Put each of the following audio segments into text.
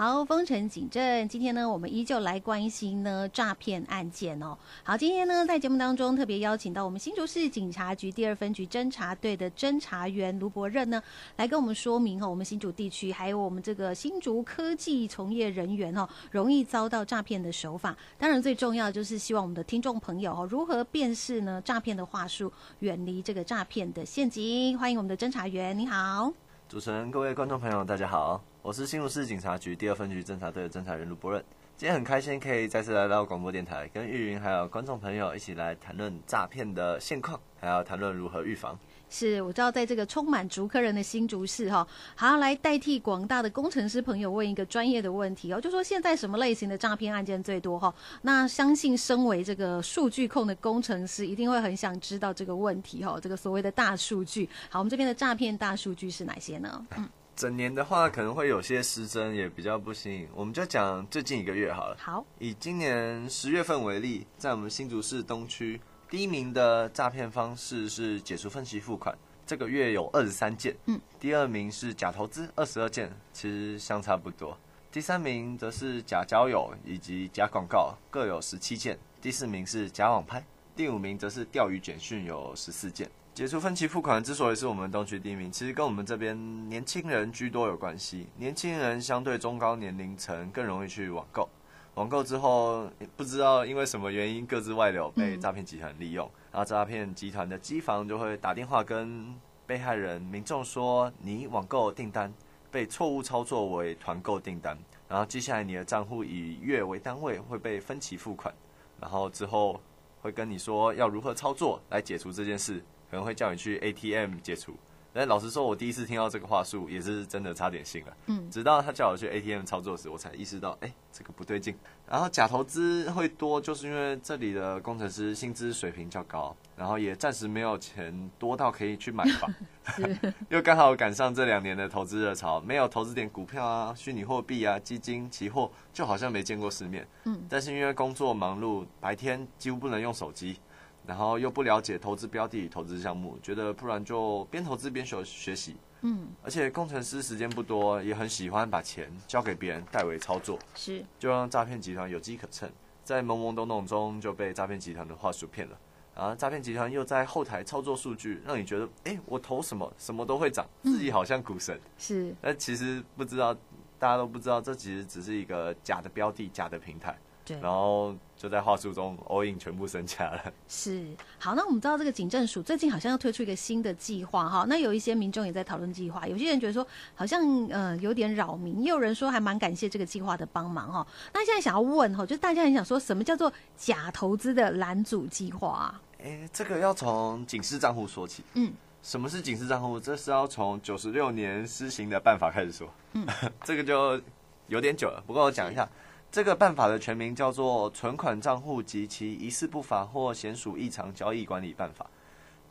好，風城警政，今天呢，我們依舊來關心呢詐騙案件哦、喔。好，今天呢，在節目當中特別邀請到我們新竹市警察局第二分局偵查隊的偵查員盧柏任呢，來跟我們說明哈、喔，我們新竹地區還有我們這個新竹科技從業人員哦、喔，容易遭到詐騙的手法。當然，最重要就是希望我們的聽眾朋友哦、喔，如何辨識呢詐騙的話術，遠離這個詐騙的陷阱。歡迎我們的偵查員，你好，主持人，各位觀眾朋友，大家好。我是新竹市警察局第二分局偵查隊的偵查員盧柏任，今天很開心可以再次來到廣播電台，跟玉云還有觀眾朋友一起來談論詐騙的現況，還要談論如何預防。是，我知道在這個充滿竹科人的新竹市哈，還要來代替廣大的工程師朋友問一個專業的問題哦，就說現在什麼類型的詐騙案件最多哈？那相信身為這個數據控的工程師，一定會很想知道這個問題哈。這個所謂的大數據，好，我們這邊的詐騙大數據是哪些呢？嗯。整年的話可能會有些失真，也比較不新穎。我們就講最近一個月好了。好，以今年十月份為例，在我們新竹市東區，第一名的詐騙方式是解除分期付款，這個月有二十三件。嗯，第二名是假投資，二十二件，其實相差不多。第三名則是假交友以及假廣告，各有十七件。第四名是假網拍，第五名則是釣魚簡訊，有十四件。解除分期付款之所以是我們東區第一名，其實跟我們這邊年輕人居多有關係。年輕人相對中高年齡層更容易去網購，網購之後不知道因為什麼原因個資外流，被詐騙集團利用。嗯、然後詐騙集團的機房就會打電話跟被害人，民眾說：“你網購訂單被錯誤操作為團購訂單，然後接下來你的賬戶以月為單位會被分期付款，然後之後會跟你說要如何操作來解除這件事。”可能會叫你去 ATM 接觸，哎，老實說，我第一次聽到這個話術也是真的差點信了。嗯，直到他叫我去 ATM 操作時，我才意識到，哎、欸，這個不對勁。然後假投資會多，就是因為這裡的工程師薪資水平較高，然後也暫時沒有錢多到可以去買房， 是 又剛好趕上這兩年的投資熱潮，沒有投資點股票啊、虛擬貨幣啊、基金、期貨，就好像沒見過世面。嗯，但是因為工作忙碌，白天幾乎不能用手機。然後又不了解投資標的、投資項目，覺得不然就邊投資邊學學習。嗯，而且工程師時間不多，也很喜歡把錢交給別人代為操作，是，就讓詐騙集團有機可乘，在懵懵懂懂中就被詐騙集團的話術騙了。然後詐騙集團又在後台操作數據，讓你覺得，哎，我投什麼什麼都會漲，自己好像股神。嗯、是，那其實不知道，大家都不知道，這其實只是一個假的標的、假的平台。對，然後就在話術中 all in 全部身家了。是，好，那我們知道這個警政署最近好像要推出一個新的計劃哈，那有一些民眾也在討論計劃，有些人覺得說好像呃有點擾民，也有人說還蠻感謝這個計劃的幫忙哈。那現在想要問哈，就大家很想說什麼叫做假投資的攔阻計劃啊？哎、欸，這個要從警示賬戶說起。嗯，什麼是警示賬戶？這是要從九十六年施行的辦法開始說。嗯， 這個就有點久了，不過我講一下。這個辦法的全名叫做《存款賬戶及其疑似不法或顯屬異常交易管理辦法》。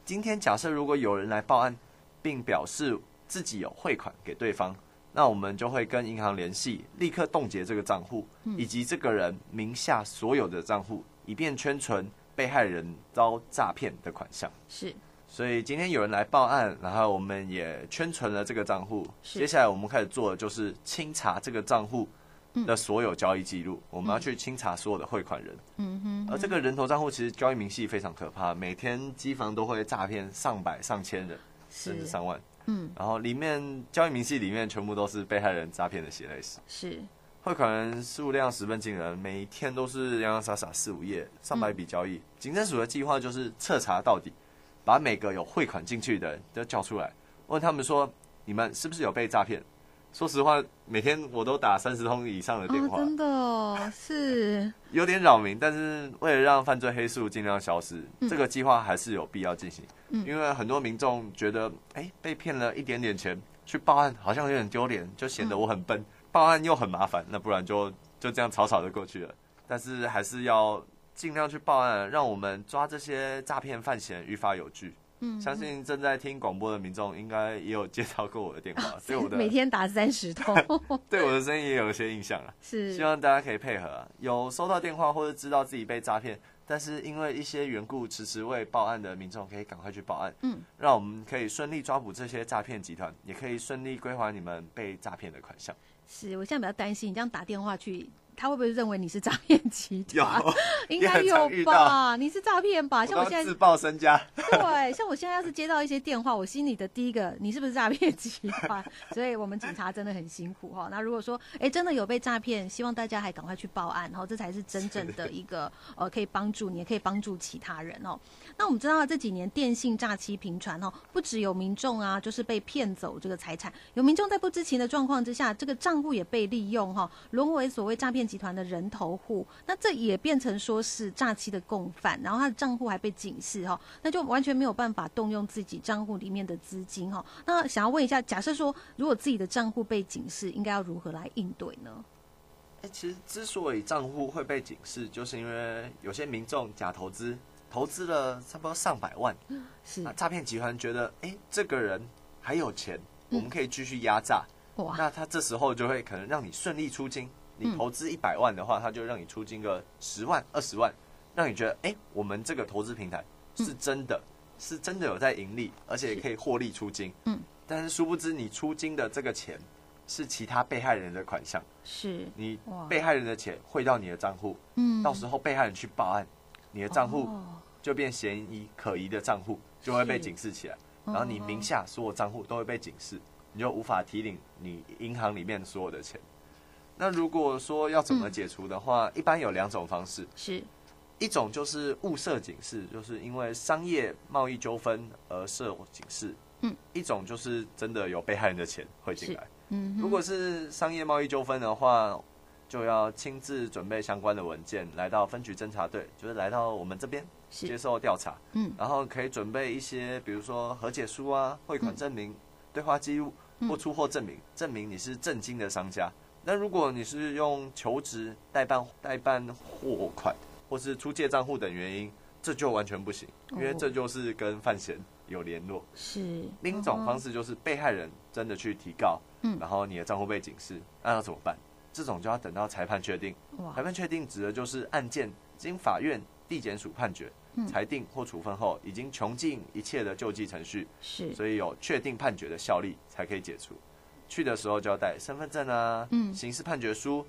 今天假設如果有人來報案，並表示自己有匯款給對方，那我們就會跟銀行聯繫，立刻凍結這個賬戶以及這個人名下所有的賬戶，以便圈存被害人遭詐騙的款項。是。所以今天有人來報案，然後我們也圈存了這個賬戶。接下來我們開始做的就是清查這個賬戶的所有交易記錄，我們要去清查所有的匯款人。嗯，而這個人頭賬戶其實交易明細非常可怕，每天機房都會詐騙上百、上千人，甚至上萬。嗯，然後裡面交易明細裡面全部都是被害人詐騙的血淚史。是匯款人數量十分驚人，每一天都是洋洋灑灑四五頁，上百筆交易。警政署的計劃就是徹查到底，把每個有匯款進去的人都叫出來，問他們說：你們是不是有被詐騙？說實話，每天我都打三十通以上的電話，哦、真的、哦、是 有點擾民。但是為了讓犯罪黑數盡量消失，嗯、這個計劃還是有必要進行。嗯、因為很多民眾覺得，哎、欸，被騙了一點點錢去報案，好像有點丟臉，就顯得我很笨。嗯、報案又很麻煩，那不然就就這樣草草的過去了。但是還是要盡量去報案，讓我們抓這些詐騙犯嫌於法有據。嗯，相信正在聽廣播的民眾應該也有接到過我的電話，啊、我每天打三十通， 對我的聲音也有一些印象了。是，希望大家可以配合、啊，有收到電話或者知道自己被詐騙，但是因為一些緣故遲遲未報案的民眾，可以趕快去報案。嗯，讓我們可以順利抓捕這些詐騙集團，也可以順利歸還你們被詐騙的款項。是，我現在比較擔心，你這樣打電話去。他會不會認為你是詐騙集團？有應該有吧？你,你是詐騙吧？我像我現在自曝身家， 對，像我現在要是接到一些電話，我心裡的第一個，你是不是詐騙集團？ 所以我們警察真的很辛苦哈。 那如果說，哎、欸，真的有被詐騙，希望大家還趕快去報案，然後這才是真正的一個的呃，可以幫助你，也可以幫助其他人哦。那我們知道這幾年電信詐欺頻傳哦，不只有民眾啊，就是被騙走這個財產，有民眾在不知情的狀況之下，這個賬戶也被利用哈，淪為所謂詐騙。集團的人頭戶，那這也變成說是詐欺的共犯，然後他的賬戶還被警示哈、哦，那就完全沒有辦法動用自己賬戶裡面的資金哈、哦。那想要問一下，假設說如果自己的賬戶被警示，應該要如何來應對呢？哎、欸，其實之所以賬戶會被警示，就是因為有些民眾假投資，投資了差不多上百萬，是那詐騙集團覺得，哎、欸，這個人還有錢，嗯、我們可以繼續壓榨，哇那他這時候就會可能讓你順利出金。你投資一百萬的話，他、嗯、就讓你出金個十萬、二十萬，讓你覺得哎、欸，我們這個投資平台是真的，嗯、是真的有在盈利，而且也可以獲利出金。嗯，但是殊不知你出金的這個錢是其他被害人的款項。是，你被害人的錢匯到你的賬戶，嗯，到時候被害人去報案，你的賬戶就變嫌疑可疑的賬戶，是，就會被警示起來，哦、然後你名下所有賬戶都會被警示，你就無法提領你銀行裡面所有的錢。那如果說要怎麼解除的話，嗯、一般有兩種方式，是，一種就是誤設警示，就是因為商業貿易糾紛而設警示，嗯，一種就是真的有被害人的錢匯進來，嗯，如果是商業貿易糾紛的話，就要親自準備相關的文件，來到分局偵查隊，就是來到我們這邊接受調查，嗯，然後可以準備一些，比如說和解書啊、匯款證明、嗯、對話記錄不出貨證明，嗯、證明你是正經的商家。但如果你是用求職代辦、代辦貨款，或是出借賬戶等原因，這就完全不行，因為這就是跟犯嫌有聯絡。哦、是、哦、另一種方式，就是被害人真的去提告，嗯，然後你的賬戶被警示，那、啊、要怎麼辦？這種就要等到裁判確定。哇裁判確定指的就是案件經法院地檢署判決、嗯、裁定或處分後，已經窮盡一切的救濟程序，是，所以有確定判決的效力才可以解除。去的時候就要帶身份證啊，嗯，刑事判決書、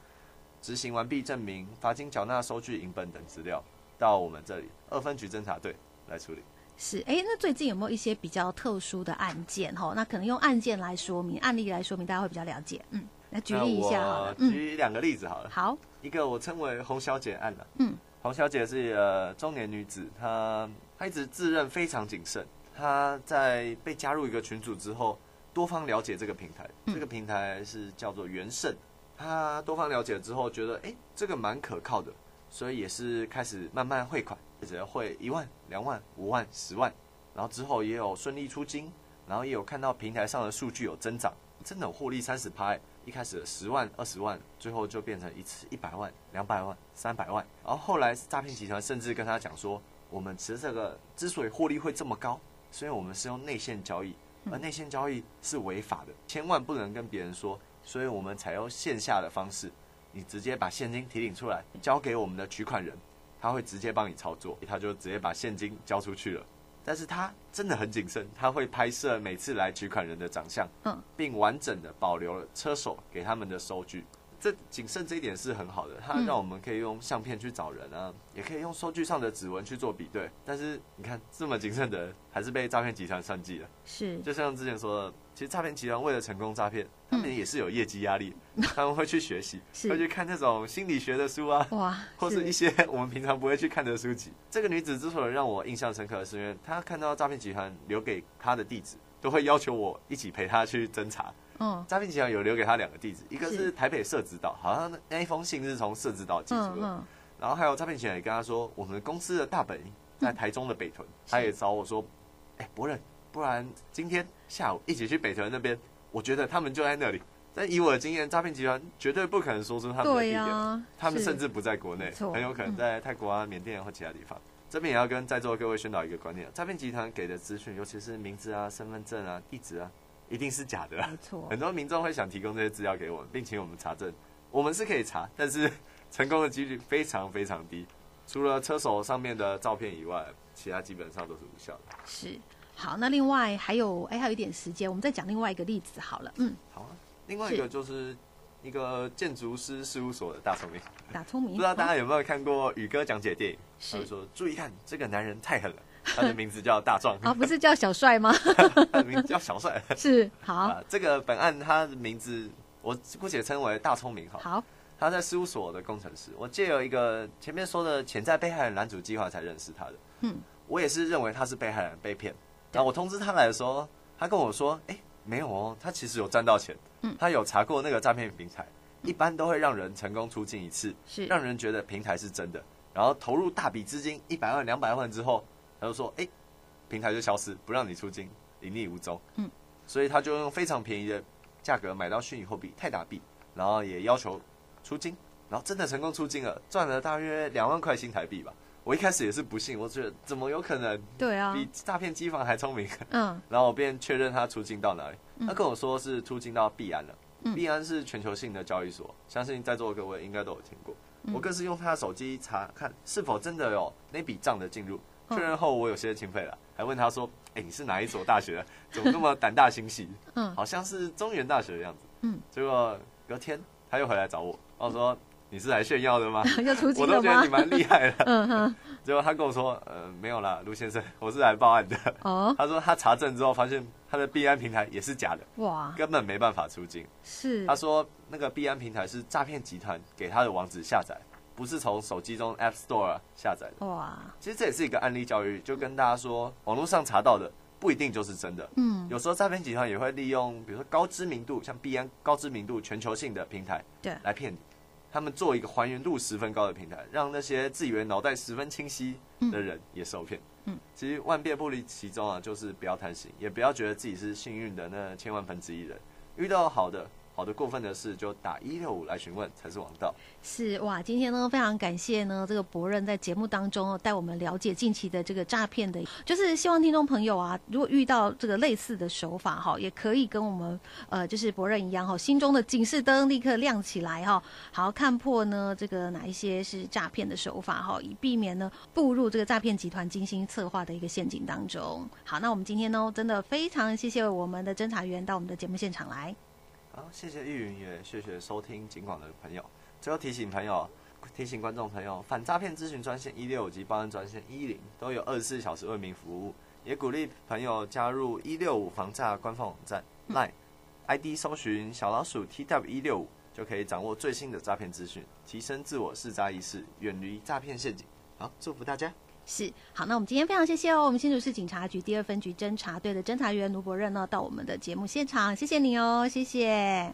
執行完畢證明、罰金繳納收據影本等資料到我們這裡二分局偵查隊來處理。是，哎、欸，那最近有沒有一些比較特殊的案件？吼，那可能用案件來說明，案例來說明，大家會比較了解。嗯，來舉例一下，啊、舉兩個例子好了。嗯、好，一個我稱為“洪小姐案、啊”了。嗯，洪小姐是呃中年女子她，她一直自認非常謹慎，她在被加入一個群組之後。多方了解這個平台，嗯、這個平台是叫做元盛。他多方了解了之後，覺得哎，這個蠻可靠的，所以也是開始慢慢匯款，只要匯一萬、兩萬、五萬、十萬，然後之後也有順利出金，然後也有看到平台上的數據有增長，真的有獲利三十趴。一開始十萬、二十萬，最後就變成一次一百萬、兩百萬、三百萬。然後後來詐騙集團甚至跟他講說，我們其實這個之所以獲利會這麼高，所以我們是用內線交易。而內線交易是違法的，千萬不能跟別人說，所以我們採用線下的方式，你直接把現金提領出來，交給我們的取款人，他會直接幫你操作，他就直接把現金交出去了。但是他真的很謹慎，他會拍攝每次來取款人的長相，嗯，並完整的保留了車手給他們的收據。這謹慎，這一點是很好的，它讓我們可以用相片去找人啊，嗯、也可以用收據上的指紋去做比對。但是你看，這麼謹慎的人，還是被詐騙集團算計了。是，就像之前說的，其實詐騙集團為了成功詐騙，他們也是有業績壓力，嗯、他們會去學習， 是會去看那種心理學的書啊，哇是或是一些我們平常不會去看的書籍。是這個女子之所以讓我印象深刻，是因為她看到詐騙集團留給她的地址，都會要求我一起陪她去偵查。嗯，詐騙集團有留給他兩個地址，一個是台北社子島，是好像那一封信是從社子島寄出的。嗯嗯、然後還有詐騙集團也跟他說，我們公司的大本營在台中的北屯。嗯、他也找我說，哎是，柏任、欸，不然今天下午一起去北屯那邊，我覺得他們就在那裡。但以我的經驗，詐騙集團絕對不可能說出他們的地點，啊、他們甚至不在國內，是很有可能在泰國啊、緬、嗯、甸或其他地方。這邊也要跟在座各位宣導一個觀念，詐騙集團給的資訊，尤其是名字啊、身份證啊、地址啊。一定是假的，沒錯錯。很多民眾會想提供這些資料給我們，並請我們查證。我們是可以查，但是成功的幾率非常非常低。除了車手上面的照片以外，其他基本上都是無效的。是，好，那另外還有，哎、欸，還有一點時間，我們再講另外一個例子好了。嗯，好啊。另外一個就是一個建築師事務所的大聰明。大聰明， 不知道大家有沒有看過宇哥講解電影？他就說：“是注意看，這個男人太狠了。”他的名字叫大壯 啊，不是叫小帥嗎？ 他的名字叫小帥 是，好、啊。這個本案他的名字我姑且稱為大聰明哈。好，好，他在事務所的工程師，我借由一個前面說的潛在被害人攔阻計畫才認識他的。嗯，我也是認為他是被害人被騙。那對我通知他來的時候，他跟我說，哎、欸，沒有哦，他其實有賺到錢。嗯，他有查過那個詐騙平台，一般都會讓人成功出金一次，是、嗯、讓人覺得平台是真的，是然後投入大筆資金一百萬兩百萬之後。他就說：“誒、欸，平台就消失，不讓你出金，隱匿無蹤。”嗯，所以他就用非常便宜的價格買到虛擬貨幣泰達幣，然後也要求出金，然後真的成功出金了，賺了大約兩萬塊新台幣吧。我一開始也是不信，我覺得怎麼有可能？對啊，比詐騙機房還聰明。嗯，然後我便確認他出金到哪裡，嗯、他跟我說是出金到幣安了。幣、嗯、安是全球性的交易所，相信在座的各位應該都有聽過。嗯、我更是用他的手機查看是否真的有那筆賬的進入。確認後，我有些欽佩了，還問他說：“哎，你是哪一所大學？怎麼那麼膽大心細？嗯，好像是中原大學的樣子。嗯，結果隔天他又回來找我，我說：你是來炫耀的嗎？要出境了嗎？我都覺得你蠻厲害的。嗯哼。結果他跟我說：呃，沒有啦，盧先生，我是來報案的。哦，他說他查證之後發現他的幣安平台也是假的。哇，根本沒辦法出境。是。他說那個幣安平台是詐騙集團給他的網址下載。不是從手機中 App Store、啊、下載的哇。其實這也是一個案例教育，就跟大家說，網絡上查到的不一定就是真的。嗯，有時候詐騙集團也會利用，比如說高知名度，像 B N 高知名度全球性的平台，對，來騙你。他們做一個還原度十分高的平台，讓那些自以為腦袋十分清晰的人也受騙。嗯，其實萬變不離其宗啊，就是不要貪心，也不要覺得自己是幸運的那千萬分之一人遇到好的。好的，過分的事，就打一六五來詢問才是王道。是哇，今天呢非常感謝呢這個柏任在節目當中帶、哦、我們了解近期的這個詐騙的，就是希望聽眾朋友啊，如果遇到這個類似的手法哈、哦，也可以跟我們呃就是柏任一樣哈、哦，心中的警示燈立刻亮起來哈、哦，好看破呢這個哪一些是詐騙的手法哈、哦，以避免呢步入這個詐騙集團精心策劃的一個陷阱當中。好，那我們今天呢真的非常謝謝我們的偵查員到我們的節目現場來。好，謝謝玉云也謝謝收聽警廣的朋友。最後提醒朋友，提醒觀眾朋友，反詐騙諮詢專線一六五及報案專線一零都有二十四小時為民服務，也鼓勵朋友加入一六五防詐官方網站 LINE、嗯、ID 搜尋小老鼠 TW 一六五，就可以掌握最新的詐騙資訊，提升自我識詐意識，遠離詐騙陷阱。好，祝福大家。是好，那我們今天非常謝謝哦，我們新竹市警察局第二分局偵查隊的偵查員盧柏任呢，到我們的節目現場，謝謝你哦，謝謝。